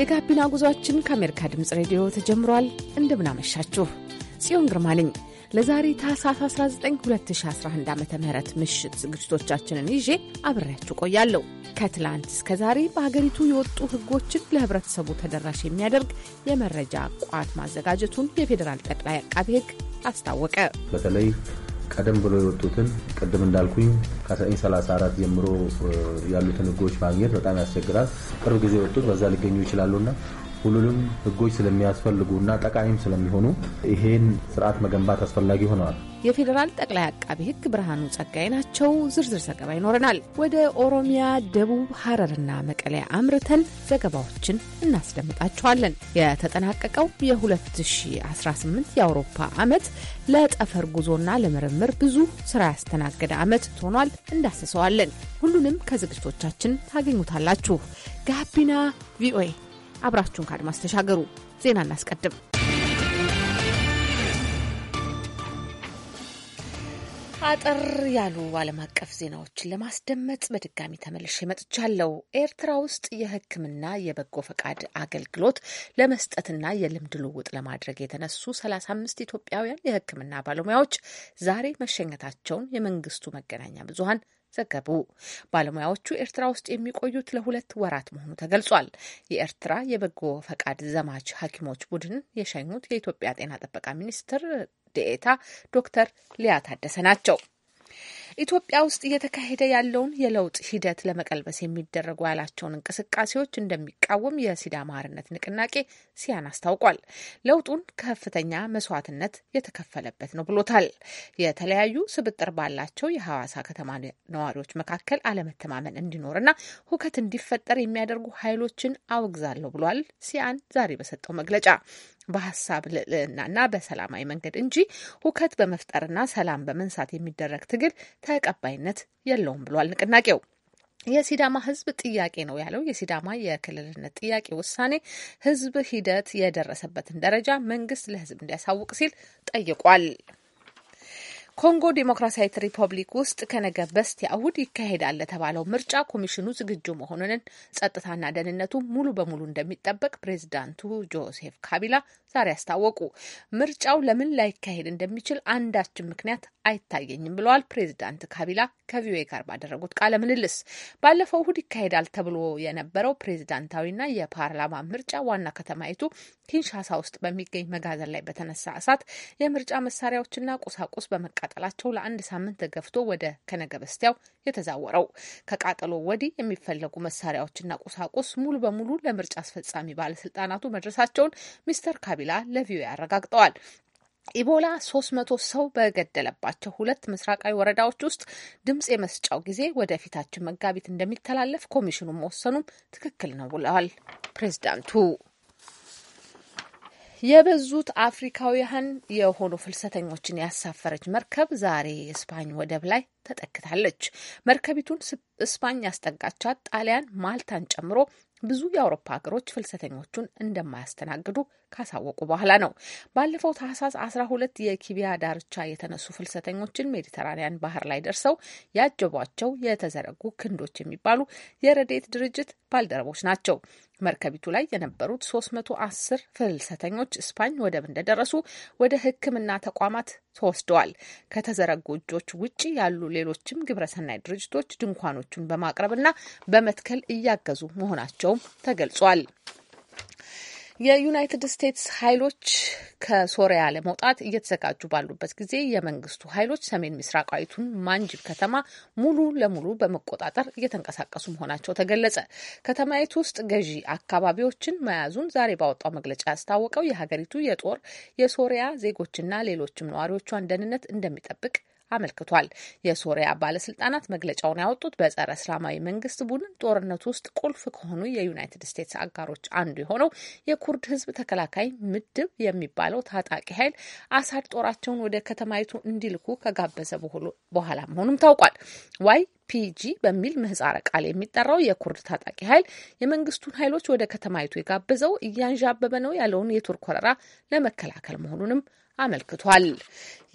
የጋቢና ጉዟችን ከአሜሪካ ድምፅ ሬዲዮ ተጀምሯል። እንደምናመሻችሁ ጽዮን ግርማ ነኝ። ለዛሬ ታህሳስ 19 2011 ዓ ም ምሽት ዝግጅቶቻችንን ይዤ አብሬያችሁ ቆያለሁ። ከትላንት እስከ ዛሬ በሀገሪቱ የወጡ ሕጎችን ለህብረተሰቡ ተደራሽ የሚያደርግ የመረጃ ቋት ማዘጋጀቱን የፌዴራል ጠቅላይ አቃቤ ሕግ አስታወቀ። በተለይ ቀደም ብሎ የወጡትን ቅድም እንዳልኩኝ ከ1934 ጀምሮ ያሉትን ህጎች ማግኘት በጣም ያስቸግራል። ቅርብ ጊዜ የወጡት በዛ ሊገኙ ይችላሉና ሁሉንም ህጎች ስለሚያስፈልጉና ጠቃሚም ስለሚሆኑ ይሄን ስርዓት መገንባት አስፈላጊ ሆነዋል። የፌዴራል ጠቅላይ አቃቢ ሕግ ብርሃኑ ጸጋይ ናቸው። ዝርዝር ዘገባ ይኖረናል። ወደ ኦሮሚያ፣ ደቡብ፣ ሀረርና መቀሌ አምርተን ዘገባዎችን እናስደምጣችኋለን። የተጠናቀቀው የ2018 የአውሮፓ ዓመት ለጠፈር ጉዞና ለምርምር ብዙ ስራ ያስተናገደ ዓመት ሆኗል። እንዳስሰዋለን። ሁሉንም ከዝግጅቶቻችን ታገኙታላችሁ። ጋቢና ቪኦኤ አብራችሁን ከአድማስ ተሻገሩ። ዜና እናስቀድም። አጠር ያሉ ዓለም አቀፍ ዜናዎችን ለማስደመጥ በድጋሚ ተመልሼ መጥቻለሁ። ኤርትራ ውስጥ የሕክምና የበጎ ፈቃድ አገልግሎት ለመስጠትና የልምድ ልውውጥ ለማድረግ የተነሱ 35 ኢትዮጵያውያን የሕክምና ባለሙያዎች ዛሬ መሸኘታቸውን የመንግስቱ መገናኛ ብዙኃን ዘገቡ። ባለሙያዎቹ ኤርትራ ውስጥ የሚቆዩት ለሁለት ወራት መሆኑ ተገልጿል። የኤርትራ የበጎ ፈቃድ ዘማች ሐኪሞች ቡድን የሸኙት የኢትዮጵያ ጤና ጥበቃ ሚኒስትር ዴኤታ ዶክተር ሊያ ታደሰ ናቸው። ኢትዮጵያ ውስጥ እየተካሄደ ያለውን የለውጥ ሂደት ለመቀልበስ የሚደረጉ ያላቸውን እንቅስቃሴዎች እንደሚቃወም የሲዳማ ሓርነት ንቅናቄ ሲያን አስታውቋል። ለውጡን ከፍተኛ መስዋዕትነት የተከፈለበት ነው ብሎታል። የተለያዩ ስብጥር ባላቸው የሐዋሳ ከተማ ነዋሪዎች መካከል አለመተማመን እንዲኖርና ሁከት እንዲፈጠር የሚያደርጉ ኃይሎችን አውግዛለሁ ብሏል። ሲያን ዛሬ በሰጠው መግለጫ በሀሳብ ልዕልናና በሰላማዊ መንገድ እንጂ ሁከት በመፍጠርና ሰላም በመንሳት የሚደረግ ትግል ተቀባይነት የለውም ብሏል ንቅናቄው። የሲዳማ ህዝብ ጥያቄ ነው ያለው የሲዳማ የክልልነት ጥያቄ ውሳኔ ህዝብ ሂደት የደረሰበትን ደረጃ መንግስት ለህዝብ እንዲያሳውቅ ሲል ጠይቋል። ኮንጎ ዴሞክራሲያዊት ሪፐብሊክ ውስጥ ከነገ በስቲያ እሁድ ይካሄዳል ለተባለው ምርጫ ኮሚሽኑ ዝግጁ መሆኑንን ጸጥታና ደህንነቱ ሙሉ በሙሉ እንደሚጠበቅ ፕሬዚዳንቱ ጆሴፍ ካቢላ ዛሬ አስታወቁ። ምርጫው ለምን ላይካሄድ እንደሚችል አንዳችን ምክንያት አይታየኝም ብለዋል ፕሬዚዳንት ካቢላ ከቪኦኤ ጋር ባደረጉት ቃለ ምልልስ። ባለፈው እሁድ ይካሄዳል ተብሎ የነበረው ፕሬዚዳንታዊና የፓርላማ ምርጫ ዋና ከተማይቱ ኪንሻሳ ውስጥ በሚገኝ መጋዘን ላይ በተነሳ እሳት የምርጫ መሳሪያዎችና ቁሳቁስ በመቃ መቃጠላቸው ለአንድ ሳምንት ተገፍቶ ወደ ከነገ በስቲያው የተዛወረው። ከቃጠሎ ወዲህ የሚፈለጉ መሳሪያዎችና ቁሳቁስ ሙሉ በሙሉ ለምርጫ አስፈጻሚ ባለስልጣናቱ መድረሳቸውን ሚስተር ካቢላ ለቪኦኤ አረጋግጠዋል። ኢቦላ 300 ሰው በገደለባቸው ሁለት ምስራቃዊ ወረዳዎች ውስጥ ድምፅ የመስጫው ጊዜ ወደፊታችን መጋቢት እንደሚተላለፍ ኮሚሽኑ መወሰኑም ትክክል ነው ብለዋል ፕሬዚዳንቱ። የበዙት አፍሪካውያን የሆኑ ፍልሰተኞችን ያሳፈረች መርከብ ዛሬ የስፓኝ ወደብ ላይ ተጠክታለች። መርከቢቱን ስፓኝ ያስጠጋቻት ጣሊያን ማልታን ጨምሮ ብዙ የአውሮፓ ሀገሮች ፍልሰተኞቹን እንደማያስተናግዱ ካሳወቁ በኋላ ነው። ባለፈው ታህሳስ አስራ ሁለት የኪቢያ ዳርቻ የተነሱ ፍልሰተኞችን ሜዲተራኒያን ባህር ላይ ደርሰው ያጀቧቸው የተዘረጉ ክንዶች የሚባሉ የረዴት ድርጅት ባልደረቦች ናቸው። መርከቢቱ ላይ የነበሩት 310 ፍልሰተኞች ስፓኝ ወደብ እንደደረሱ ወደ ሕክምና ተቋማት ተወስደዋል። ከተዘረጉ እጆች ውጪ ያሉ ሌሎችም ግብረሰናይ ድርጅቶች ድንኳኖቹን በማቅረብና በመትከል እያገዙ መሆናቸውም ተገልጿል። የዩናይትድ ስቴትስ ኃይሎች ከሶሪያ ለመውጣት እየተዘጋጁ ባሉበት ጊዜ የመንግስቱ ኃይሎች ሰሜን ምስራቃዊቱን ማንጅብ ከተማ ሙሉ ለሙሉ በመቆጣጠር እየተንቀሳቀሱ መሆናቸው ተገለጸ። ከተማይቱ ውስጥ ገዢ አካባቢዎችን መያዙን ዛሬ ባወጣው መግለጫ ያስታወቀው የሀገሪቱ የጦር የሶሪያ ዜጎችና ሌሎችም ነዋሪዎቿን ደህንነት እንደሚጠብቅ አመልክቷል። የሶሪያ ባለስልጣናት መግለጫውን ያወጡት በጸረ እስላማዊ መንግስት ቡድን ጦርነት ውስጥ ቁልፍ ከሆኑ የዩናይትድ ስቴትስ አጋሮች አንዱ የሆነው የኩርድ ህዝብ ተከላካይ ምድብ የሚባለው ታጣቂ ኃይል አሳድ ጦራቸውን ወደ ከተማይቱ እንዲልኩ ከጋበዘ በኋላ መሆኑም ታውቋል። ዋይ ፒጂ በሚል ምህጻረ ቃል የሚጠራው የኩርድ ታጣቂ ኃይል የመንግስቱን ኃይሎች ወደ ከተማይቱ የጋበዘው እያንዣበበ ነው ያለውን የቱርክ ወረራ ለመከላከል መሆኑንም አመልክቷል።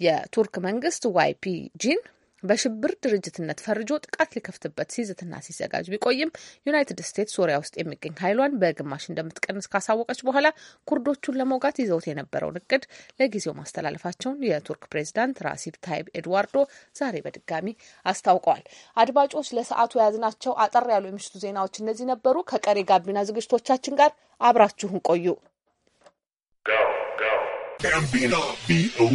የቱርክ መንግስት ዋይፒጂን በሽብር ድርጅትነት ፈርጆ ጥቃት ሊከፍትበት ሲዝትና ሲዘጋጅ ቢቆይም ዩናይትድ ስቴትስ ሶሪያ ውስጥ የሚገኝ ኃይሏን በግማሽ እንደምትቀንስ ካሳወቀች በኋላ ኩርዶቹን ለመውጋት ይዘውት የነበረውን እቅድ ለጊዜው ማስተላለፋቸውን የቱርክ ፕሬዚዳንት ራሲብ ታይብ ኤድዋርዶ ዛሬ በድጋሚ አስታውቀዋል። አድማጮች፣ ለሰዓቱ የያዝናቸው አጠር ያሉ የምሽቱ ዜናዎች እነዚህ ነበሩ። ከቀሪ ጋቢና ዝግጅቶቻችን ጋር አብራችሁን ቆዩ። ጋቢና ቪኦኤ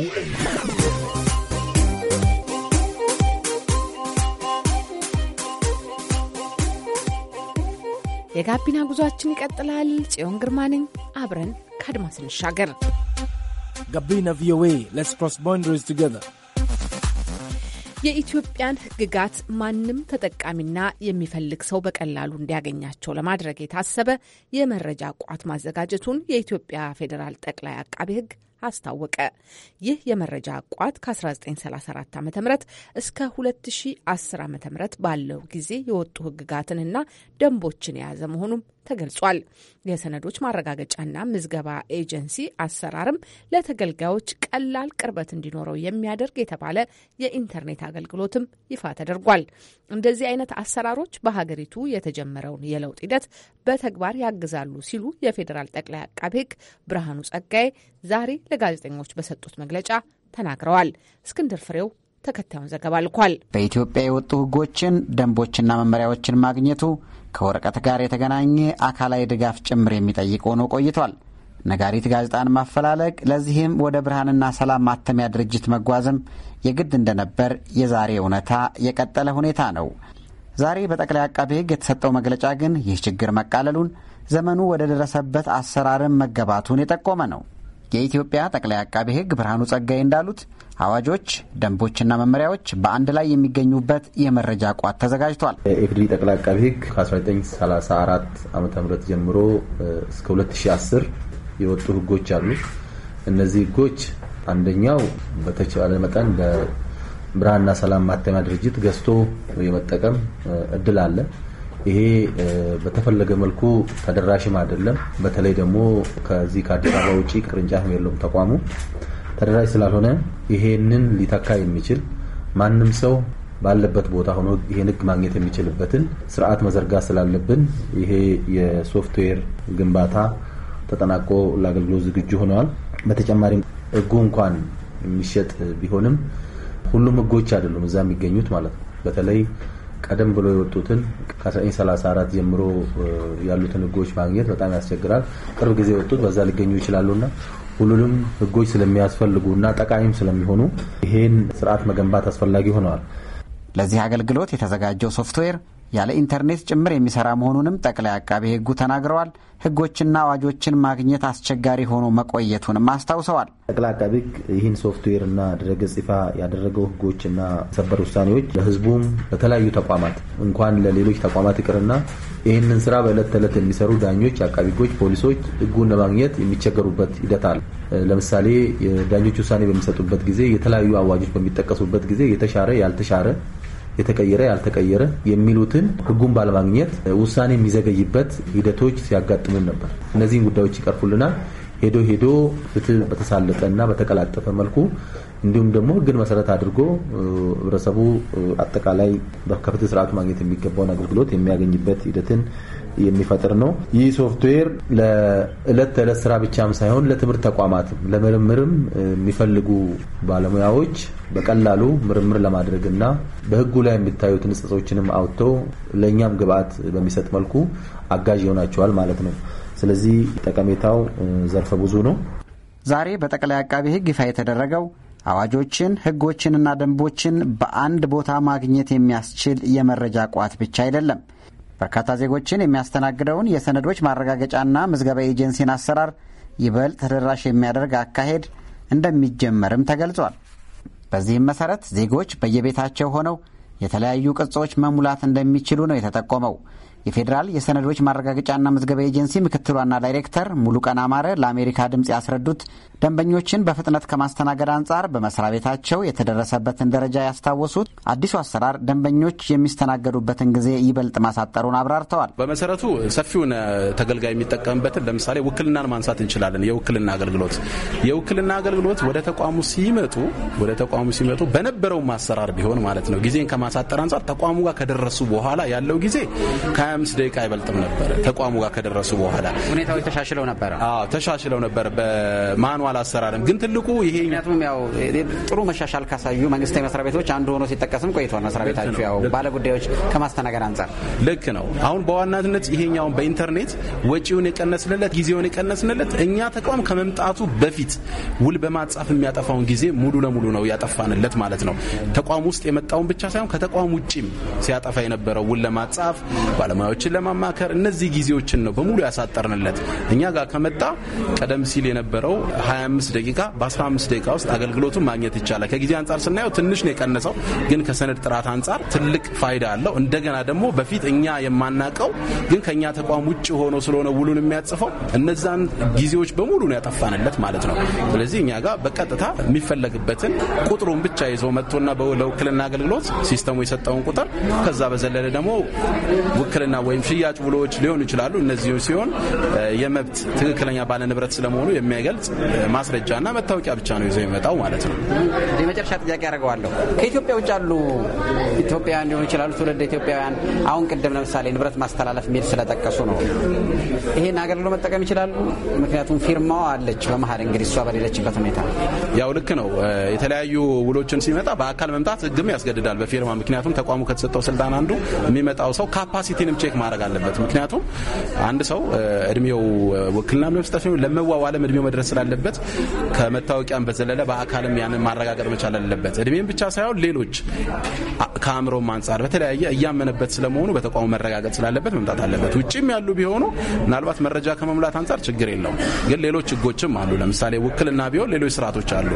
የጋቢና ጉዟችን ይቀጥላል። ጽዮን ግርማ ነኝ። አብረን ከአድማስ እንሻገር። ጋቢና ቪኦኤ ሌትስ ክሮስ ቦንደሪስ ቱጌዘር የኢትዮጵያን ሕግጋት ማንም ተጠቃሚና የሚፈልግ ሰው በቀላሉ እንዲያገኛቸው ለማድረግ የታሰበ የመረጃ ቋት ማዘጋጀቱን የኢትዮጵያ ፌዴራል ጠቅላይ አቃቤ ሕግ አስታወቀ። ይህ የመረጃ ቋት ከ1934 ዓ ም እስከ 2010 ዓ ም ባለው ጊዜ የወጡ ህግጋትንና ደንቦችን የያዘ መሆኑም ተገልጿል። የሰነዶች ማረጋገጫና ምዝገባ ኤጀንሲ አሰራርም ለተገልጋዮች ቀላል ቅርበት እንዲኖረው የሚያደርግ የተባለ የኢንተርኔት አገልግሎትም ይፋ ተደርጓል። እንደዚህ አይነት አሰራሮች በሀገሪቱ የተጀመረውን የለውጥ ሂደት በተግባር ያግዛሉ ሲሉ የፌዴራል ጠቅላይ አቃቤ ሕግ ብርሃኑ ጸጋዬ ዛሬ ለጋዜጠኞች በሰጡት መግለጫ ተናግረዋል። እስክንድር ፍሬው ተከታዩን ዘገባ ልኳል። በኢትዮጵያ የወጡ ሕጎችን ደንቦችና መመሪያዎችን ማግኘቱ ከወረቀት ጋር የተገናኘ አካላዊ ድጋፍ ጭምር የሚጠይቅ ሆኖ ቆይቷል። ነጋሪት ጋዜጣን ማፈላለግ ለዚህም ወደ ብርሃንና ሰላም ማተሚያ ድርጅት መጓዝም የግድ እንደነበር የዛሬ እውነታ የቀጠለ ሁኔታ ነው። ዛሬ በጠቅላይ አቃቤ ህግ የተሰጠው መግለጫ ግን ይህ ችግር መቃለሉን፣ ዘመኑ ወደ ደረሰበት አሰራርም መገባቱን የጠቆመ ነው። የኢትዮጵያ ጠቅላይ አቃቤ ህግ ብርሃኑ ጸጋይ እንዳሉት አዋጆች፣ ደንቦችና መመሪያዎች በአንድ ላይ የሚገኙበት የመረጃ ቋት ተዘጋጅቷል። የኢፌዴሪ ጠቅላይ አቃቢ ሕግ ከ1934 ዓ ም ጀምሮ እስከ 2010 የወጡ ህጎች አሉ። እነዚህ ህጎች አንደኛው በተቻለ መጠን ለብርሃንና ሰላም ማተሚያ ድርጅት ገዝቶ የመጠቀም እድል አለ። ይሄ በተፈለገ መልኩ ተደራሽም አይደለም። በተለይ ደግሞ ከዚህ ከአዲስ አበባ ውጭ ቅርንጫፍ የለውም ተቋሙ ተደራጅ ስላልሆነ ይሄንን ሊተካ የሚችል ማንም ሰው ባለበት ቦታ ሆኖ ይሄን ህግ ማግኘት የሚችልበትን ስርዓት መዘርጋት ስላለብን ይሄ የሶፍትዌር ግንባታ ተጠናቆ ለአገልግሎት ዝግጁ ሆነዋል። በተጨማሪም እጉ እንኳን የሚሸጥ ቢሆንም ሁሉም ህጎች አይደሉም እዛ የሚገኙት ማለት ነው። በተለይ ቀደም ብሎ የወጡትን ከ1934 ጀምሮ ያሉትን ህጎች ማግኘት በጣም ያስቸግራል። ቅርብ ጊዜ የወጡት በዛ ሊገኙ ይችላሉና ሁሉንም ህጎች ስለሚያስፈልጉና ጠቃሚም ስለሚሆኑ ይሄን ስርዓት መገንባት አስፈላጊ ሆነዋል። ለዚህ አገልግሎት የተዘጋጀው ሶፍትዌር ያለ ኢንተርኔት ጭምር የሚሰራ መሆኑንም ጠቅላይ አቃቤ ሕጉ ተናግረዋል። ሕጎችና አዋጆችን ማግኘት አስቸጋሪ ሆኖ መቆየቱንም አስታውሰዋል። ጠቅላይ አቃቤ ሕግ ይህን ሶፍትዌር እና ድረገጽ ይፋ ያደረገው ሕጎችና ሰበር ውሳኔዎች ለሕዝቡም ለተለያዩ ተቋማት እንኳን ለሌሎች ተቋማት ይቅርና ይህንን ስራ በዕለት ተዕለት የሚሰሩ ዳኞች፣ አቃቢ ሕጎች፣ ፖሊሶች ሕጉን ለማግኘት የሚቸገሩበት ሂደት አለ። ለምሳሌ ዳኞች ውሳኔ በሚሰጡበት ጊዜ የተለያዩ አዋጆች በሚጠቀሱበት ጊዜ የተሻረ ያልተሻረ የተቀየረ ያልተቀየረ የሚሉትን ህጉን ባለማግኘት ውሳኔ የሚዘገይበት ሂደቶች ሲያጋጥምን ነበር። እነዚህን ጉዳዮች ይቀርፉልናል። ሄዶ ሄዶ ፍትህ በተሳለጠ እና በተቀላጠፈ መልኩ እንዲሁም ደግሞ ህግን መሰረት አድርጎ ህብረተሰቡ አጠቃላይ ከፍትህ ስርዓቱ ማግኘት የሚገባውን አገልግሎት የሚያገኝበት ሂደትን የሚፈጥር ነው። ይህ ሶፍትዌር ለእለት ተዕለት ስራ ብቻም ሳይሆን ለትምህርት ተቋማትም ለምርምርም የሚፈልጉ ባለሙያዎች በቀላሉ ምርምር ለማድረግና በህጉ ላይ የሚታዩት ንጽጾችንም አውጥቶ ለእኛም ግብአት በሚሰጥ መልኩ አጋዥ ይሆናቸዋል ማለት ነው። ስለዚህ ጠቀሜታው ዘርፈ ብዙ ነው። ዛሬ በጠቅላይ አቃቢ ህግ ይፋ የተደረገው አዋጆችን ህጎችንና ደንቦችን በአንድ ቦታ ማግኘት የሚያስችል የመረጃ ቋት ብቻ አይደለም። በርካታ ዜጎችን የሚያስተናግደውን የሰነዶች ማረጋገጫና ምዝገባ ኤጀንሲን አሰራር ይበልጥ ተደራሽ የሚያደርግ አካሄድ እንደሚጀመርም ተገልጿል። በዚህም መሰረት ዜጎች በየቤታቸው ሆነው የተለያዩ ቅጾች መሙላት እንደሚችሉ ነው የተጠቆመው። የፌዴራል የሰነዶች ማረጋገጫና ምዝገባ ኤጀንሲ ምክትል ዋና ዳይሬክተር ሙሉቀን አማረ ለአሜሪካ ድምፅ ያስረዱት ደንበኞችን በፍጥነት ከማስተናገድ አንጻር በመስሪያ ቤታቸው የተደረሰበትን ደረጃ ያስታወሱት አዲሱ አሰራር ደንበኞች የሚስተናገዱበትን ጊዜ ይበልጥ ማሳጠሩን አብራርተዋል። በመሰረቱ ሰፊውን ተገልጋይ የሚጠቀምበትን ለምሳሌ ውክልናን ማንሳት እንችላለን። የውክልና አገልግሎት የውክልና አገልግሎት ወደ ተቋሙ ሲመጡ ወደ ተቋሙ ሲመጡ በነበረው አሰራር ቢሆን ማለት ነው ጊዜን ከማሳጠር አንጻር ተቋሙ ጋር ከደረሱ በኋላ ያለው ጊዜ ከ25 ደቂቃ አይበልጥም ነበረ ተቋሙ ጋር ከደረሱ በኋላ ሁኔታዎች ተሻሽለው ነበረ። አዎ ተሻሽለው ነበር በማንዋል አሰራርም። ግን ትልቁ ይሄ ምክንያቱም ያው ጥሩ መሻሻል ካሳዩ መንግስታዊ መስሪያ ቤቶች አንዱ ሆኖ ሲጠቀስም ቆይቷል። መስሪያ ቤታችሁ ያው ባለጉዳዮች ከማስተናገድ አንጻር ልክ ነው። አሁን በዋናነት ይሄኛውን በኢንተርኔት ወጪውን የቀነስንለት፣ ጊዜውን የቀነስንለት እኛ ተቋም ከመምጣቱ በፊት ውል በማጻፍ የሚያጠፋውን ጊዜ ሙሉ ለሙሉ ነው ያጠፋንለት ማለት ነው። ተቋም ውስጥ የመጣውን ብቻ ሳይሆን ከተቋም ውጭም ሲያጠፋ የነበረው ውል ለማጻፍ ባለ ባለሙያዎችን ለማማከር እነዚህ ጊዜዎችን ነው በሙሉ ያሳጠርንለት። እኛ ጋር ከመጣ ቀደም ሲል የነበረው 25 ደቂቃ በ15 ደቂቃ ውስጥ አገልግሎቱን ማግኘት ይቻላል። ከጊዜ አንጻር ስናየው ትንሽ ነው የቀነሰው፣ ግን ከሰነድ ጥራት አንጻር ትልቅ ፋይዳ አለው። እንደገና ደግሞ በፊት እኛ የማናቀው ግን ከእኛ ተቋም ውጭ ሆኖ ስለሆነ ውሉን የሚያጽፈው እነዛን ጊዜዎች በሙሉ ነው ያጠፋንለት ማለት ነው። ስለዚህ እኛ ጋር በቀጥታ የሚፈለግበትን ቁጥሩን ብቻ ይዞ መጥቶና ለውክልና አገልግሎት ሲስተሙ የሰጠውን ቁጥር ከዛ በዘለለ ደግሞ ውክልና ውክልና ወይም ሽያጭ ውሎዎች ሊሆኑ ይችላሉ። እነዚህ ሲሆን የመብት ትክክለኛ ባለ ንብረት ስለመሆኑ የሚያገልጽ ማስረጃና መታወቂያ ብቻ ነው ይዘው የሚመጣው ማለት ነው። የመጨረሻ ጥያቄ ያደርገዋለሁ። ከኢትዮጵያ ውጭ ያሉ ኢትዮጵያውያን ሊሆኑ ይችላሉ፣ ትውልድ ኢትዮጵያውያን። አሁን ቅድም ለምሳሌ ንብረት ማስተላለፍ የሚል ስለጠቀሱ ነው። ይህን አገልግሎ መጠቀም ይችላሉ። ምክንያቱም ፊርማዋ አለች በመሀል እንግዲህ እሷ በሌለችበት ሁኔታ ያው ልክ ነው። የተለያዩ ውሎችን ሲመጣ በአካል መምጣት ህግም ያስገድዳል በፊርማ ምክንያቱም ተቋሙ ከተሰጠው ስልጣን አንዱ የሚመጣው ሰው ካፓሲቲንም ቼክ ማድረግ አለበት። ምክንያቱም አንድ ሰው እድሜው ውክልናም ለመስጠት ለመዋዋለም እድሜው መድረስ ስላለበት ከመታወቂያም በዘለለ በአካልም ያንን ማረጋገጥ መቻል አለበት። እድሜም ብቻ ሳይሆን ሌሎች ከአእምሮም አንጻር በተለያየ እያመነበት ስለመሆኑ በተቋሙ መረጋገጥ ስላለበት መምጣት አለበት። ውጭም ያሉ ቢሆኑ ምናልባት መረጃ ከመሙላት አንጻር ችግር የለውም። ግን ሌሎች ህጎችም አሉ። ለምሳሌ ውክልና ቢሆን ሌሎች ስርዓቶች አሉ።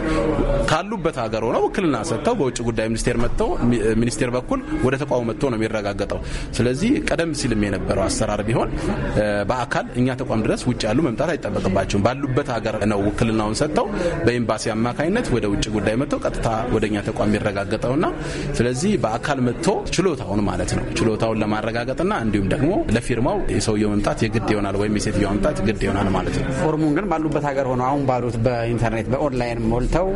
ካሉበት ሀገር ሆነው ውክልና ሰጥተው በውጭ ጉዳይ ሚኒስቴር መጥተው ሚኒስቴር በኩል ወደ ተቋሙ መጥቶ ነው የሚረጋገጠው። ስለዚህ ቀደም ቀደም ሲልም የነበረው አሰራር ቢሆን በአካል እኛ ተቋም ድረስ ውጭ ያሉ መምጣት አይጠበቅባቸውም። ባሉበት ሀገር ነው ውክልናውን ሰጥተው በኤምባሲ አማካኝነት ወደ ውጭ ጉዳይ መጥተው ቀጥታ ወደኛ ተቋም የሚረጋገጠውና ስለዚህ በአካል መጥቶ ችሎታውን ማለት ነው ችሎታውን ለማረጋገጥና እንዲሁም ደግሞ ለፊርማው የሰውየው መምጣት የግድ ይሆናል ወይም የሴትዮዋ መምጣት ግድ ይሆናል ማለት ነው። ፎርሙን ግን ባሉበት ሀገር ሆነ አሁን ባሉት በኢንተርኔት በኦንላይን ሞልተው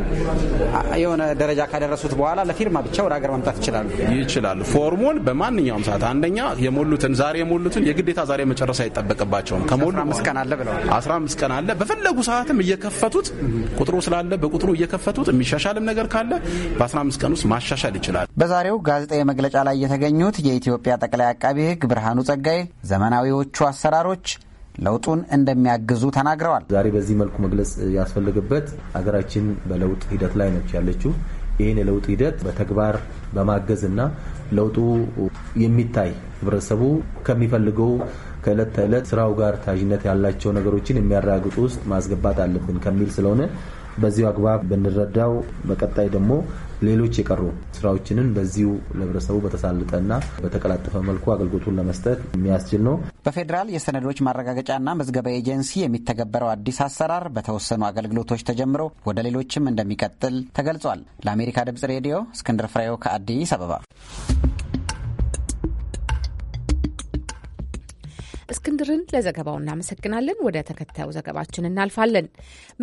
የሆነ ደረጃ ካደረሱት በኋላ ለፊርማ ብቻ ወደ ሀገር መምጣት ይችላሉ ይችላሉ። ፎርሙን በማንኛውም ሰዓት አንደኛ የሞሉት የሞሉትን ዛሬ የሞሉትን የግዴታ ዛሬ መጨረስ አይጠበቅባቸውም። ከሞሉ ቀን አለ ብለዋል። አስራ አምስት ቀን አለ። በፈለጉ ሰዓትም እየከፈቱት ቁጥሩ ስላለ በቁጥሩ እየከፈቱት የሚሻሻልም ነገር ካለ በአስራ አምስት ቀን ውስጥ ማሻሻል ይችላል። በዛሬው ጋዜጣዊ መግለጫ ላይ የተገኙት የኢትዮጵያ ጠቅላይ አቃቢ ሕግ ብርሃኑ ጸጋዬ ዘመናዊዎቹ አሰራሮች ለውጡን እንደሚያግዙ ተናግረዋል። ዛሬ በዚህ መልኩ መግለጽ ያስፈልግበት ሀገራችን በለውጥ ሂደት ላይ ነች ያለችው። ይህን የለውጥ ሂደት በተግባር በማገዝ እና ለውጡ የሚታይ ህብረተሰቡ ከሚፈልገው ከእለት ተዕለት ስራው ጋር ታዥነት ያላቸው ነገሮችን የሚያረጋግጡ ውስጥ ማስገባት አለብን ከሚል ስለሆነ በዚሁ አግባብ ብንረዳው በቀጣይ ደግሞ ሌሎች የቀሩ ስራዎችንን በዚሁ ለህብረተሰቡ በተሳለጠና በተቀላጠፈ መልኩ አገልግሎቱን ለመስጠት የሚያስችል ነው። በፌዴራል የሰነዶች ማረጋገጫና መዝገባ ኤጀንሲ የሚተገበረው አዲስ አሰራር በተወሰኑ አገልግሎቶች ተጀምሮ ወደ ሌሎችም እንደሚቀጥል ተገልጿል። ለአሜሪካ ድምጽ ሬዲዮ እስክንድር ፍሬው ከአዲስ አበባ እስክንድርን ለዘገባው እናመሰግናለን። ወደ ተከታዩ ዘገባችን እናልፋለን።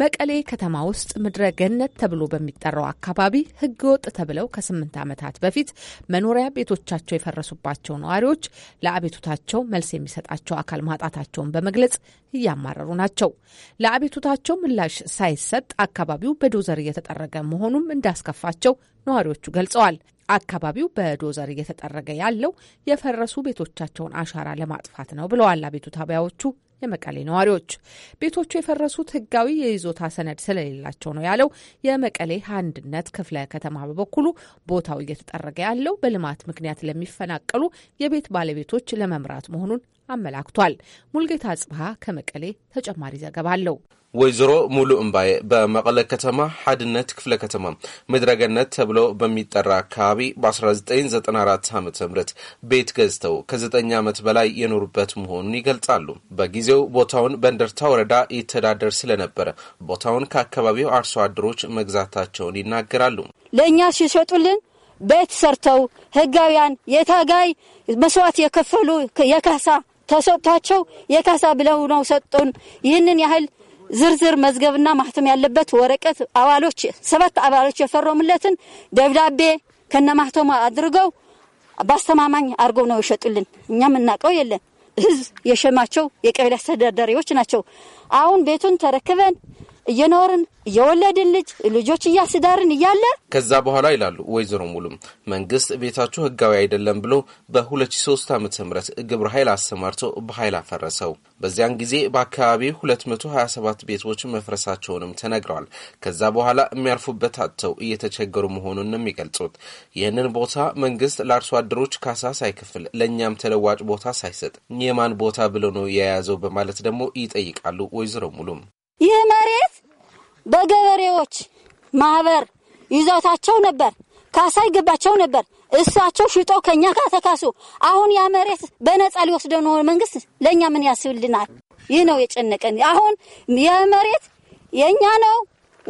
መቀሌ ከተማ ውስጥ ምድረ ገነት ተብሎ በሚጠራው አካባቢ ህገወጥ ተብለው ከስምንት ዓመታት በፊት መኖሪያ ቤቶቻቸው የፈረሱባቸው ነዋሪዎች ለአቤቱታቸው መልስ የሚሰጣቸው አካል ማጣታቸውን በመግለጽ እያማረሩ ናቸው። ለአቤቱታቸው ምላሽ ሳይሰጥ አካባቢው በዶዘር እየተጠረገ መሆኑም እንዳስከፋቸው ነዋሪዎቹ ገልጸዋል። አካባቢው በዶዘር እየተጠረገ ያለው የፈረሱ ቤቶቻቸውን አሻራ ለማጥፋት ነው ብለዋል አቤቱታቢያዎቹ የመቀሌ ነዋሪዎች ቤቶቹ የፈረሱት ሕጋዊ የይዞታ ሰነድ ስለሌላቸው ነው ያለው የመቀሌ አንድነት ክፍለ ከተማ በበኩሉ ቦታው እየተጠረገ ያለው በልማት ምክንያት ለሚፈናቀሉ የቤት ባለቤቶች ለመምራት መሆኑን አመላክቷል። ሙልጌታ ጽብሃ ከመቀሌ ተጨማሪ ዘገባ አለው። ወይዘሮ ሙሉእ እምባየ በመቀለ ከተማ ሓድነት ክፍለ ከተማ ምድረገነት ተብሎ በሚጠራ አካባቢ በ1994 ዓ ም ቤት ገዝተው ከ9 ዓመት በላይ የኖሩበት መሆኑን ይገልጻሉ። በጊዜው ቦታውን በእንደርታ ወረዳ ይተዳደር ስለነበረ ቦታውን ከአካባቢው አርሶ አደሮች መግዛታቸውን ይናገራሉ። ለእኛ ሲሸጡልን ቤት ሰርተው ህጋውያን የታጋይ መስዋዕት የከፈሉ የካሳ ተሰጥቷቸው የካሳ ብለው ነው ሰጡን። ይህንን ያህል ዝርዝር መዝገብና ማህተም ያለበት ወረቀት አባሎች ሰባት አባሎች የፈረሙለትን ደብዳቤ ከነማህተሙ አድርገው በአስተማማኝ አድርገው ነው የሸጡልን። እኛ የምናውቀው የለን። ህዝብ የሸማቸው የቀበሌ አስተዳዳሪዎች ናቸው። አሁን ቤቱን ተረክበን እየኖርን እየወለድን ልጅ ልጆች እያስዳርን እያለ ከዛ በኋላ ይላሉ ወይዘሮ ሙሉም መንግስት ቤታችሁ ህጋዊ አይደለም ብሎ በ2003 ዓ ም ግብረ ኃይል አሰማርቶ በኃይል አፈረሰው። በዚያን ጊዜ በአካባቢው 227 ቤቶች መፍረሳቸውንም ተነግረዋል። ከዛ በኋላ የሚያርፉበት አጥተው እየተቸገሩ መሆኑን ነው የሚገልጹት። ይህንን ቦታ መንግስት ለአርሶ አደሮች ካሳ ሳይከፍል ለእኛም ተለዋጭ ቦታ ሳይሰጥ የማን ቦታ ብሎ ነው የያዘው በማለት ደግሞ ይጠይቃሉ ወይዘሮ ሙሉም ይህ መሬት በገበሬዎች ማህበር ይዞታቸው ነበር። ካሳ ይገባቸው ነበር። እሳቸው ሽጠው ከኛ ጋር ተካሱ። አሁን ያ መሬት በነፃ ሊወስደው ነው መንግስት። ለእኛ ምን ያስብልናል? ይህ ነው የጨነቀን። አሁን የመሬት የእኛ ነው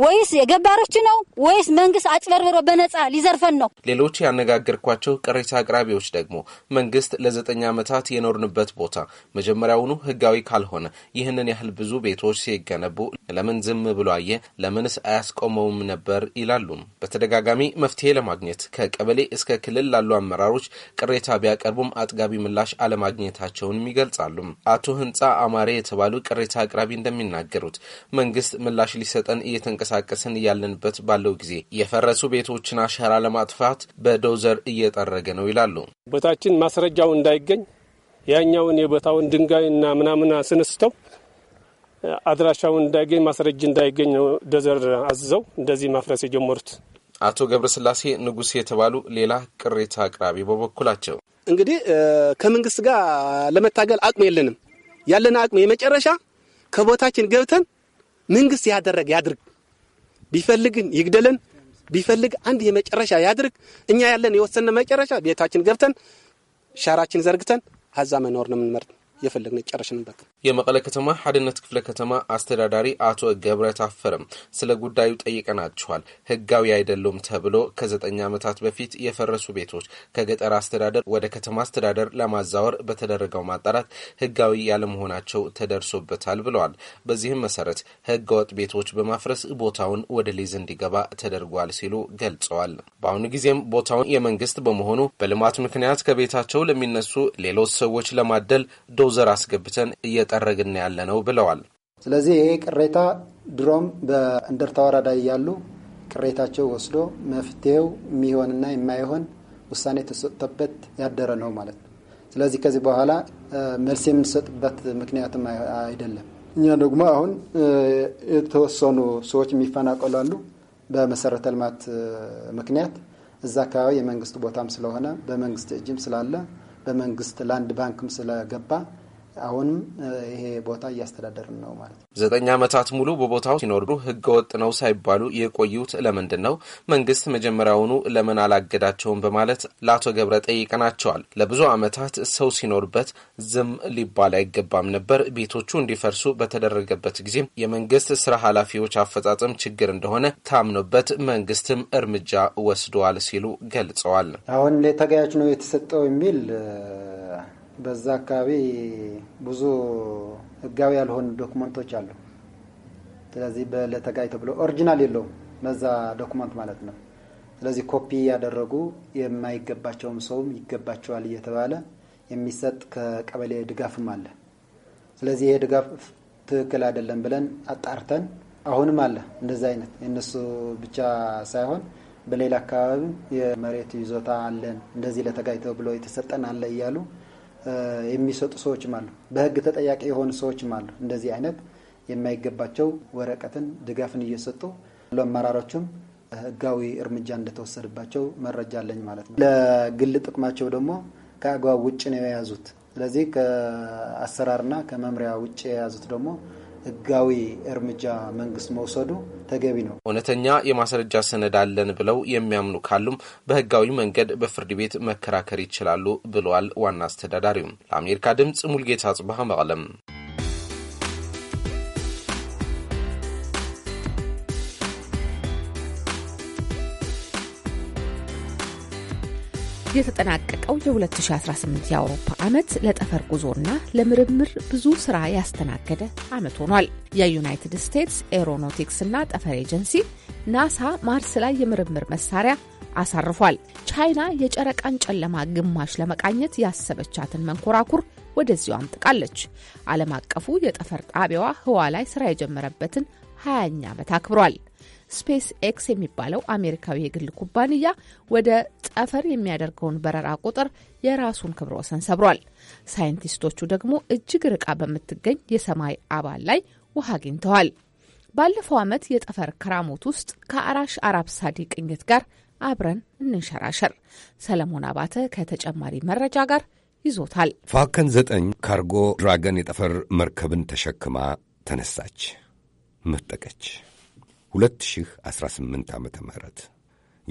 ወይስ የገባሮች ነው ወይስ መንግስት አጭበርብሮ በነጻ ሊዘርፈን ነው? ሌሎች ያነጋገርኳቸው ቅሬታ አቅራቢዎች ደግሞ መንግስት ለዘጠኝ ዓመታት የኖርንበት ቦታ መጀመሪያውኑ ህጋዊ ካልሆነ ይህንን ያህል ብዙ ቤቶች ሲገነቡ ለምን ዝም ብሎ አየ? ለምንስ አያስቆመውም ነበር ይላሉ። በተደጋጋሚ መፍትሄ ለማግኘት ከቀበሌ እስከ ክልል ላሉ አመራሮች ቅሬታ ቢያቀርቡም አጥጋቢ ምላሽ አለማግኘታቸውን ይገልጻሉ። አቶ ህንፃ አማሬ የተባሉ ቅሬታ አቅራቢ እንደሚናገሩት መንግስት ምላሽ ሊሰጠን እየተንቀ እየተንቀሳቀስን እያለንበት ባለው ጊዜ የፈረሱ ቤቶችን አሻራ ለማጥፋት በዶዘር እየጠረገ ነው ይላሉ። ቦታችን ማስረጃው እንዳይገኝ ያኛውን የቦታውን ድንጋይና ምናምን ስንስተው አድራሻውን እንዳይገኝ ማስረጅ እንዳይገኝ ነው ዶዘር አዝዘው እንደዚህ ማፍረስ የጀመሩት። አቶ ገብረስላሴ ንጉሴ የተባሉ ሌላ ቅሬታ አቅራቢ በበኩላቸው እንግዲህ ከመንግስት ጋር ለመታገል አቅም የለንም። ያለን አቅም የመጨረሻ ከቦታችን ገብተን መንግስት ያደረገ ያድርግ ቢፈልግን ይግደለን፣ ቢፈልግ አንድ የመጨረሻ ያድርግ። እኛ ያለን የወሰነ መጨረሻ ቤታችን ገብተን ሻራችን ዘርግተን አዛ መኖር ነው የምንመርጥ። የፈለግነ ጨረሽን በቃ። የመቀለ ከተማ ሀድነት ክፍለ ከተማ አስተዳዳሪ አቶ ገብረ ታፈርም ስለ ጉዳዩ ጠይቀናችኋል። ህጋዊ አይደለም ተብሎ ከዘጠኝ ዓመታት በፊት የፈረሱ ቤቶች ከገጠር አስተዳደር ወደ ከተማ አስተዳደር ለማዛወር በተደረገው ማጣራት ህጋዊ ያለመሆናቸው ተደርሶበታል ብለዋል። በዚህም መሰረት ህገወጥ ቤቶች በማፍረስ ቦታውን ወደ ሊዝ እንዲገባ ተደርጓል ሲሉ ገልጸዋል። በአሁኑ ጊዜም ቦታውን የመንግስት በመሆኑ በልማት ምክንያት ከቤታቸው ለሚነሱ ሌሎች ሰዎች ለማደል የሰው ዘር አስገብተን እየጠረግን ያለ ነው ብለዋል። ስለዚህ ይሄ ቅሬታ ድሮም በእንደርታ ወረዳ እያሉ ቅሬታቸው ወስዶ መፍትሄው የሚሆንና የማይሆን ውሳኔ ተሰጥቶበት ያደረ ነው ማለት ነው። ስለዚህ ከዚህ በኋላ መልስ የምንሰጥበት ምክንያትም አይደለም። እኛ ደግሞ አሁን የተወሰኑ ሰዎች የሚፈናቀላሉ በመሰረተ ልማት ምክንያት እዛ አካባቢ የመንግስት ቦታም ስለሆነ በመንግስት እጅም ስላለ በመንግስት ላንድ ባንክም ስለገባ አሁንም ይሄ ቦታ እያስተዳደርን ነው ማለት ነው። ዘጠኝ ዓመታት ሙሉ በቦታው ሲኖሩ ህገወጥ ነው ሳይባሉ የቆዩት ለምንድን ነው? መንግስት መጀመሪያውኑ ለምን አላገዳቸውም? በማለት ለአቶ ገብረ ጠይቀናቸዋል። ለብዙ ዓመታት ሰው ሲኖርበት ዝም ሊባል አይገባም ነበር። ቤቶቹ እንዲፈርሱ በተደረገበት ጊዜ የመንግስት ስራ ኃላፊዎች አፈጻጸም ችግር እንደሆነ ታምኖበት መንግስትም እርምጃ ወስደዋል ሲሉ ገልጸዋል። አሁን ለተገያች ነው የተሰጠው የሚል በዛ አካባቢ ብዙ ህጋዊ ያልሆኑ ዶክመንቶች አሉ። ስለዚህ ለተጋይ ብሎ ኦሪጂናል የለውም በዛ ዶክመንት ማለት ነው። ስለዚህ ኮፒ ያደረጉ የማይገባቸውም ሰውም ይገባቸዋል እየተባለ የሚሰጥ ከቀበሌ ድጋፍም አለ። ስለዚህ ይሄ ድጋፍ ትክክል አይደለም ብለን አጣርተን አሁንም አለ እንደዚ አይነት የእነሱ ብቻ ሳይሆን በሌላ አካባቢ የመሬት ይዞታ አለን እንደዚህ ለተጋይቶ ብሎ የተሰጠን አለ እያሉ የሚሰጡ ሰዎችም አሉ። በህግ ተጠያቂ የሆኑ ሰዎችም አሉ። እንደዚህ አይነት የማይገባቸው ወረቀትን ድጋፍን እየሰጡ ለአመራሮችም ህጋዊ እርምጃ እንደተወሰደባቸው መረጃ አለኝ ማለት ነው። ለግል ጥቅማቸው ደግሞ ከአግባብ ውጭ ነው የያዙት። ስለዚህ ከአሰራርና ከመምሪያ ውጭ የያዙት ደግሞ ህጋዊ እርምጃ መንግስት መውሰዱ ተገቢ ነው። እውነተኛ የማስረጃ ሰነድ አለን ብለው የሚያምኑ ካሉም በህጋዊ መንገድ በፍርድ ቤት መከራከር ይችላሉ ብለዋል ዋና አስተዳዳሪው። ለአሜሪካ ድምፅ ሙልጌታ ጽብሃ መቀለም የተጠናቀቀው የ2018 የአውሮፓ ዓመት ለጠፈር ጉዞና ለምርምር ብዙ ስራ ያስተናገደ ዓመት ሆኗል። የዩናይትድ ስቴትስ ኤሮኖቲክስ እና ጠፈር ኤጀንሲ ናሳ ማርስ ላይ የምርምር መሳሪያ አሳርፏል። ቻይና የጨረቃን ጨለማ ግማሽ ለመቃኘት ያሰበቻትን መንኮራኩር ወደዚሁ አምጥቃለች። ዓለም አቀፉ የጠፈር ጣቢያዋ ህዋ ላይ ስራ የጀመረበትን 20ኛ ዓመት አክብሯል። ስፔስ ኤክስ የሚባለው አሜሪካዊ የግል ኩባንያ ወደ ጠፈር የሚያደርገውን በረራ ቁጥር የራሱን ክብረ ወሰን ሰብሯል። ሳይንቲስቶቹ ደግሞ እጅግ ርቃ በምትገኝ የሰማይ አባል ላይ ውሃ አግኝተዋል። ባለፈው ዓመት የጠፈር ክራሞት ውስጥ ከአራሽ አራብ ሳዲ ቅኝት ጋር አብረን እንንሸራሸር። ሰለሞን አባተ ከተጨማሪ መረጃ ጋር ይዞታል። ፋልከን ዘጠኝ ካርጎ ድራገን የጠፈር መርከብን ተሸክማ ተነሳች፣ መጠቀች። 2018 ዓ ም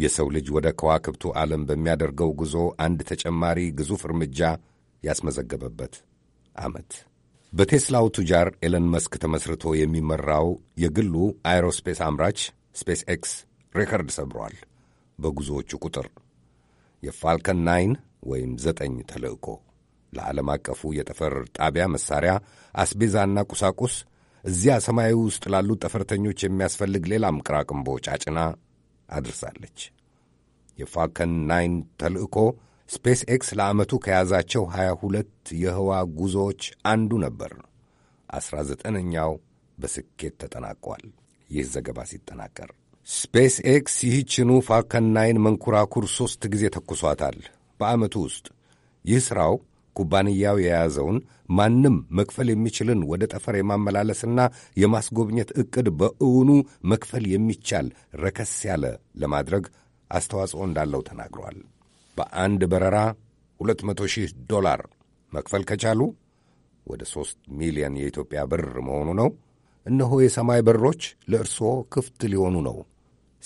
የሰው ልጅ ወደ ከዋክብቱ ዓለም በሚያደርገው ጉዞ አንድ ተጨማሪ ግዙፍ እርምጃ ያስመዘገበበት ዓመት በቴስላው ቱጃር ኤለን መስክ ተመስርቶ የሚመራው የግሉ አይሮስፔስ አምራች ስፔስ ኤክስ ሬከርድ ሰብሯል። በጉዞዎቹ ቁጥር የፋልከን ናይን ወይም ዘጠኝ ተልእኮ ለዓለም አቀፉ የጠፈር ጣቢያ መሣሪያ አስቤዛና ቁሳቁስ እዚያ ሰማያዊ ውስጥ ላሉት ጠፈርተኞች የሚያስፈልግ ሌላ ቅራቅንቦ ጫጭና አድርሳለች። የፋልከን ናይን ተልእኮ ስፔስ ኤክስ ለዓመቱ ከያዛቸው 22 የህዋ ጉዞዎች አንዱ ነበር። 19 ዘጠነኛው በስኬት ተጠናቋል። ይህ ዘገባ ሲጠናቀር ስፔስ ኤክስ ይህችኑ ፋከን ናይን መንኮራኩር ሦስት ጊዜ ተኩሷታል በዓመቱ ውስጥ ይህ ሥራው ኩባንያው የያዘውን ማንም መክፈል የሚችልን ወደ ጠፈር የማመላለስና የማስጎብኘት ዕቅድ በእውኑ መክፈል የሚቻል ረከስ ያለ ለማድረግ አስተዋጽኦ እንዳለው ተናግሯል። በአንድ በረራ 200 ሺህ ዶላር መክፈል ከቻሉ ወደ 3 ሚሊዮን የኢትዮጵያ ብር መሆኑ ነው። እነሆ የሰማይ በሮች ለእርስዎ ክፍት ሊሆኑ ነው።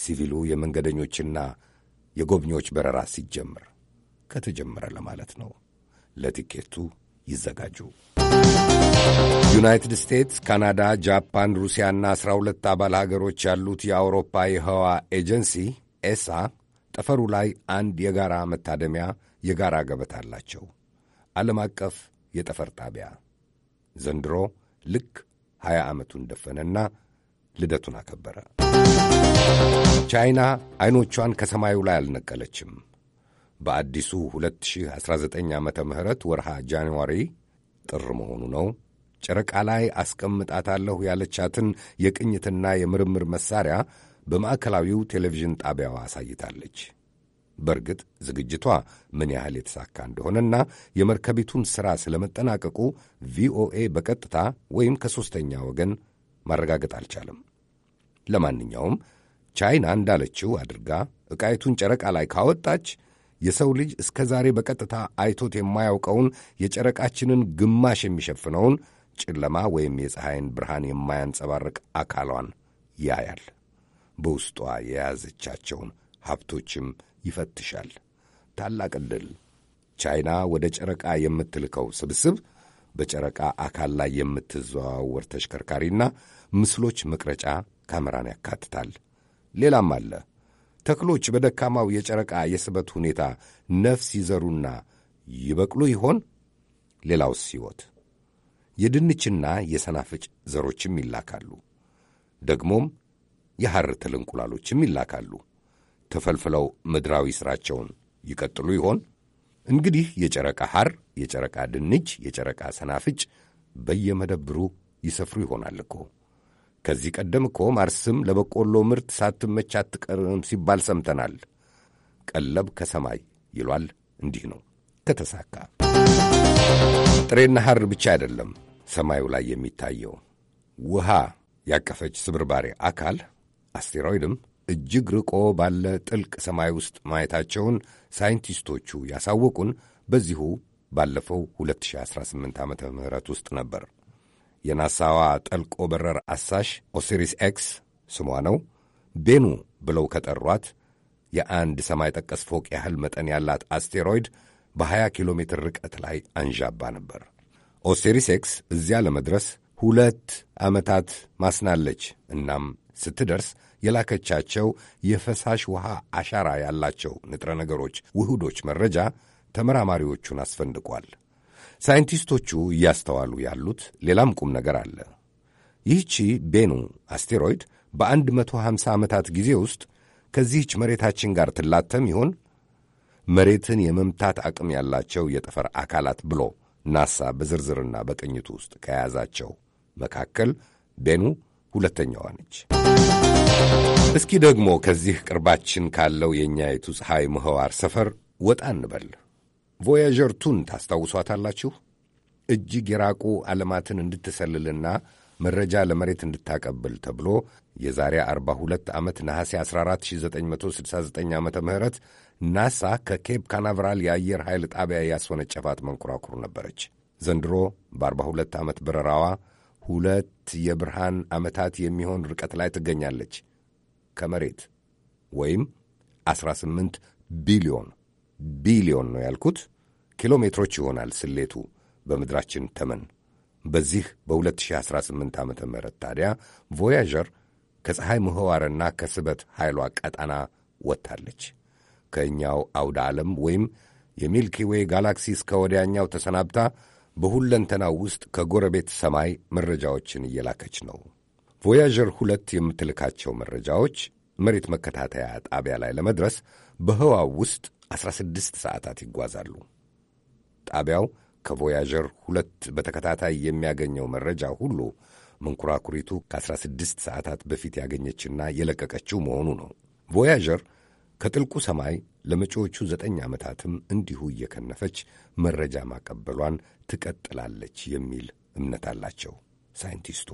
ሲቪሉ የመንገደኞችና የጎብኚዎች በረራ ሲጀምር ከተጀመረ ለማለት ነው። ለቲኬቱ ይዘጋጁ። ዩናይትድ ስቴትስ፣ ካናዳ፣ ጃፓን፣ ሩሲያና አስራ ሁለት አባል ሀገሮች ያሉት የአውሮፓ የህዋ ኤጀንሲ ኤሳ ጠፈሩ ላይ አንድ የጋራ መታደሚያ የጋራ ገበታ አላቸው። ዓለም አቀፍ የጠፈር ጣቢያ ዘንድሮ ልክ 20 ዓመቱን ደፈነና ልደቱን አከበረ። ቻይና ዐይኖቿን ከሰማዩ ላይ አልነቀለችም። በአዲሱ 2019 ዓ ም ወርሃ ጃንዋሪ ጥር መሆኑ ነው ጨረቃ ላይ አስቀምጣታለሁ ያለቻትን የቅኝትና የምርምር መሳሪያ በማዕከላዊው ቴሌቪዥን ጣቢያዋ አሳይታለች። በእርግጥ ዝግጅቷ ምን ያህል የተሳካ እንደሆነና የመርከቢቱን ሥራ ስለመጠናቀቁ ቪኦኤ በቀጥታ ወይም ከሦስተኛ ወገን ማረጋገጥ አልቻለም። ለማንኛውም ቻይና እንዳለችው አድርጋ ዕቃይቱን ጨረቃ ላይ ካወጣች የሰው ልጅ እስከ ዛሬ በቀጥታ አይቶት የማያውቀውን የጨረቃችንን ግማሽ የሚሸፍነውን ጨለማ ወይም የፀሐይን ብርሃን የማያንጸባርቅ አካሏን ያያል። በውስጧ የያዘቻቸውን ሀብቶችም ይፈትሻል። ታላቅ ዕድል! ቻይና ወደ ጨረቃ የምትልከው ስብስብ በጨረቃ አካል ላይ የምትዘዋወር ተሽከርካሪና ምስሎች መቅረጫ ካሜራን ያካትታል። ሌላም አለ። ተክሎች በደካማው የጨረቃ የስበት ሁኔታ ነፍስ ይዘሩና ይበቅሉ ይሆን? ሌላውስ ሕይወት የድንችና የሰናፍጭ ዘሮችም ይላካሉ። ደግሞም የሐር ትል እንቁላሎችም ይላካሉ። ተፈልፍለው ምድራዊ ሥራቸውን ይቀጥሉ ይሆን? እንግዲህ የጨረቃ ሐር፣ የጨረቃ ድንች፣ የጨረቃ ሰናፍጭ በየመደብሩ ይሰፍሩ ይሆናል እኮ። ከዚህ ቀደም እኮ ማርስም ለበቆሎ ምርት ሳትመች አትቀርም ሲባል ሰምተናል። ቀለብ ከሰማይ ይሏል። እንዲህ ነው ከተሳካ። ጥሬና ሐር ብቻ አይደለም ሰማዩ ላይ የሚታየው ውሃ ያቀፈች ስብርባሬ አካል አስቴሮይድም እጅግ ርቆ ባለ ጥልቅ ሰማይ ውስጥ ማየታቸውን ሳይንቲስቶቹ ያሳወቁን በዚሁ ባለፈው 2018 ዓ ም ውስጥ ነበር። የናሳዋ ጠልቆ በረር አሳሽ ኦሲሪስ ኤክስ ስሟ ነው። ቤኑ ብለው ከጠሯት የአንድ ሰማይ ጠቀስ ፎቅ ያህል መጠን ያላት አስቴሮይድ በ20 ኪሎ ሜትር ርቀት ላይ አንዣባ ነበር። ኦሴሪስ ኤክስ እዚያ ለመድረስ ሁለት ዓመታት ማስናለች። እናም ስትደርስ የላከቻቸው የፈሳሽ ውሃ አሻራ ያላቸው ንጥረ ነገሮች ውህዶች መረጃ ተመራማሪዎቹን አስፈንድቋል። ሳይንቲስቶቹ እያስተዋሉ ያሉት ሌላም ቁም ነገር አለ። ይህቺ ቤኑ አስቴሮይድ በ150 ዓመታት ጊዜ ውስጥ ከዚህች መሬታችን ጋር ትላተም ይሆን? መሬትን የመምታት አቅም ያላቸው የጠፈር አካላት ብሎ ናሳ በዝርዝርና በቅኝቱ ውስጥ ከያዛቸው መካከል ቤኑ ሁለተኛዋ ነች። እስኪ ደግሞ ከዚህ ቅርባችን ካለው የእኛይቱ ፀሐይ ምህዋር ሰፈር ወጣ እንበል። ቮያጀር ቱን ታስታውሷታላችሁ? እጅግ የራቁ ዓለማትን እንድትሰልልና መረጃ ለመሬት እንድታቀብል ተብሎ የዛሬ 42 ዓመት ነሐሴ 14 1969 ዓ ም ናሳ ከኬፕ ካናቨራል የአየር ኃይል ጣቢያ ያስወነጨፋት መንኮራኩር ነበረች። ዘንድሮ በ42 ዓመት በረራዋ ሁለት የብርሃን ዓመታት የሚሆን ርቀት ላይ ትገኛለች ከመሬት ወይም 18 ቢሊዮን ቢሊዮን ነው ያልኩት ኪሎ ሜትሮች ይሆናል ስሌቱ በምድራችን ተመን። በዚህ በ2018 ዓ ም ታዲያ ቮያዠር ከፀሐይ ምህዋርና ከስበት ኃይሏ ቀጠና ወጥታለች። ከእኛው አውደ ዓለም ወይም የሚልኪ ዌይ ጋላክሲ እስከ ወዲያኛው ተሰናብታ በሁለንተናው ውስጥ ከጎረቤት ሰማይ መረጃዎችን እየላከች ነው። ቮያዠር ሁለት የምትልካቸው መረጃዎች መሬት መከታተያ ጣቢያ ላይ ለመድረስ በህዋ ውስጥ 16 ሰዓታት ይጓዛሉ። ጣቢያው ከቮያጀር ሁለት በተከታታይ የሚያገኘው መረጃ ሁሉ መንኩራኩሪቱ ከ16 ሰዓታት በፊት ያገኘችና የለቀቀችው መሆኑ ነው። ቮያጀር ከጥልቁ ሰማይ ለመጪዎቹ ዘጠኝ ዓመታትም እንዲሁ እየከነፈች መረጃ ማቀበሏን ትቀጥላለች የሚል እምነት አላቸው ሳይንቲስቱ።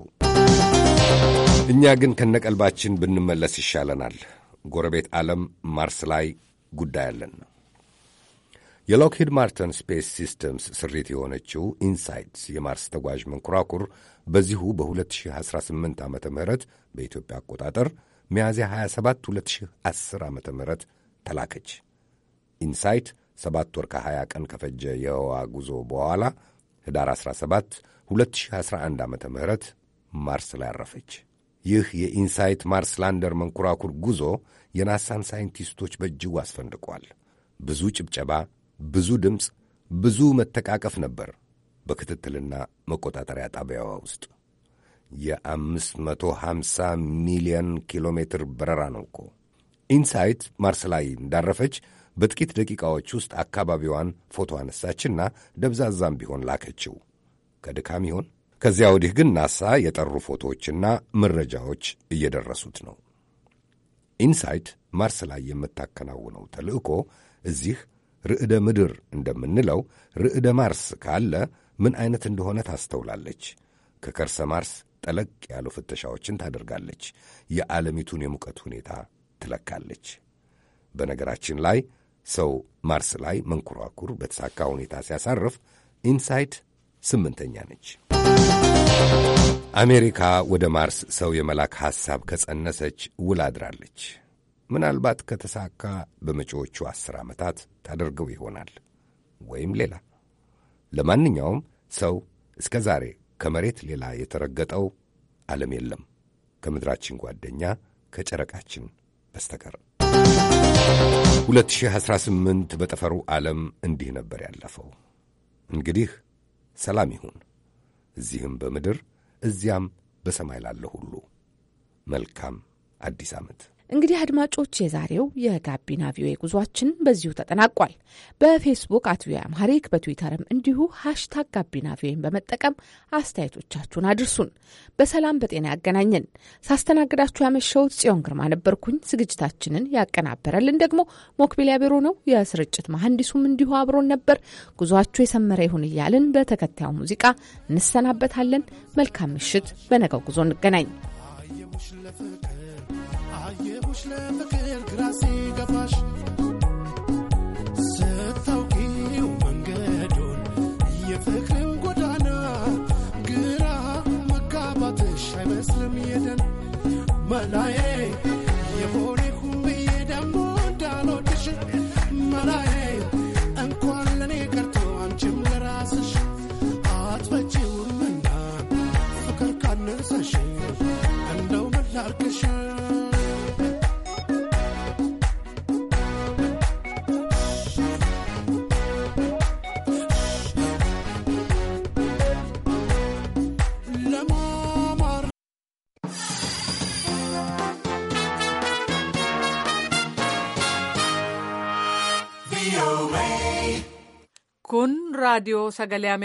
እኛ ግን ከነቀልባችን ብንመለስ ይሻለናል። ጎረቤት ዓለም ማርስ ላይ ጉዳይ አለን። የሎክሂድ ማርተን ስፔስ ሲስተምስ ስሪት የሆነችው ኢንሳይትስ የማርስ ተጓዥ መንኮራኩር በዚሁ በ2018 ዓ ም በኢትዮጵያ አቆጣጠር ሚያዝያ 27 2010 ዓ ም ተላከች። ኢንሳይት ሰባት ወር ከ20 ቀን ከፈጀ የህዋ ጉዞ በኋላ ህዳር 17 2011 ዓ ም ማርስ ላይ አረፈች። ይህ የኢንሳይት ማርስ ላንደር መንኮራኩር ጉዞ የናሳን ሳይንቲስቶች በእጅጉ አስፈንድቋል። ብዙ ጭብጨባ፣ ብዙ ድምፅ፣ ብዙ መተቃቀፍ ነበር በክትትልና መቆጣጠሪያ ጣቢያዋ ውስጥ። የ550 ሚሊዮን ኪሎ ሜትር በረራ ነው እኮ። ኢንሳይት ማርስ ላይ እንዳረፈች በጥቂት ደቂቃዎች ውስጥ አካባቢዋን ፎቶ አነሳችና ደብዛዛም ቢሆን ላከችው። ከድካም ይሆን? ከዚያ ወዲህ ግን ናሳ የጠሩ ፎቶዎችና መረጃዎች እየደረሱት ነው። ኢንሳይድ ማርስ ላይ የምታከናውነው ተልእኮ እዚህ ርዕደ ምድር እንደምንለው ርዕደ ማርስ ካለ ምን አይነት እንደሆነ ታስተውላለች። ከከርሰ ማርስ ጠለቅ ያሉ ፍተሻዎችን ታደርጋለች። የዓለሚቱን የሙቀት ሁኔታ ትለካለች። በነገራችን ላይ ሰው ማርስ ላይ መንኮራኩር በተሳካ ሁኔታ ሲያሳርፍ ኢንሳይድ ስምንተኛ ነች። አሜሪካ ወደ ማርስ ሰው የመላክ ሐሳብ ከጸነሰች ውል አድራለች። ምናልባት ከተሳካ በመጪዎቹ ዐሥር ዓመታት ታደርገው ይሆናል ወይም ሌላ። ለማንኛውም ሰው እስከ ዛሬ ከመሬት ሌላ የተረገጠው ዓለም የለም ከምድራችን ጓደኛ ከጨረቃችን በስተቀር። 2018 በጠፈሩ ዓለም እንዲህ ነበር ያለፈው። እንግዲህ ሰላም ይሁን እዚህም በምድር እዚያም በሰማይ ላለ ሁሉ መልካም አዲስ ዓመት። እንግዲህ አድማጮች የዛሬው የጋቢና ቪኦኤ ጉዟችን በዚሁ ተጠናቋል። በፌስቡክ አት ቪኦኤ አምሃሪክ በትዊተርም እንዲሁ ሀሽታግ ጋቢና ቪኦኤን በመጠቀም አስተያየቶቻችሁን አድርሱን። በሰላም በጤና ያገናኘን። ሳስተናግዳችሁ ያመሸሁት ጽዮን ግርማ ነበርኩኝ። ዝግጅታችንን ያቀናበረልን ደግሞ ሞክቢሊያ ቢሮ ነው። የስርጭት መሐንዲሱም እንዲሁ አብሮን ነበር። ጉዟችሁ የሰመረ ይሁን እያልን በተከታዩ ሙዚቃ እንሰናበታለን። መልካም ምሽት። በነገው ጉዞ እንገናኝ። አየሁሽ ለፍቅር ግራ ሲገባሽ raadiyoo sagalee Ameerikaa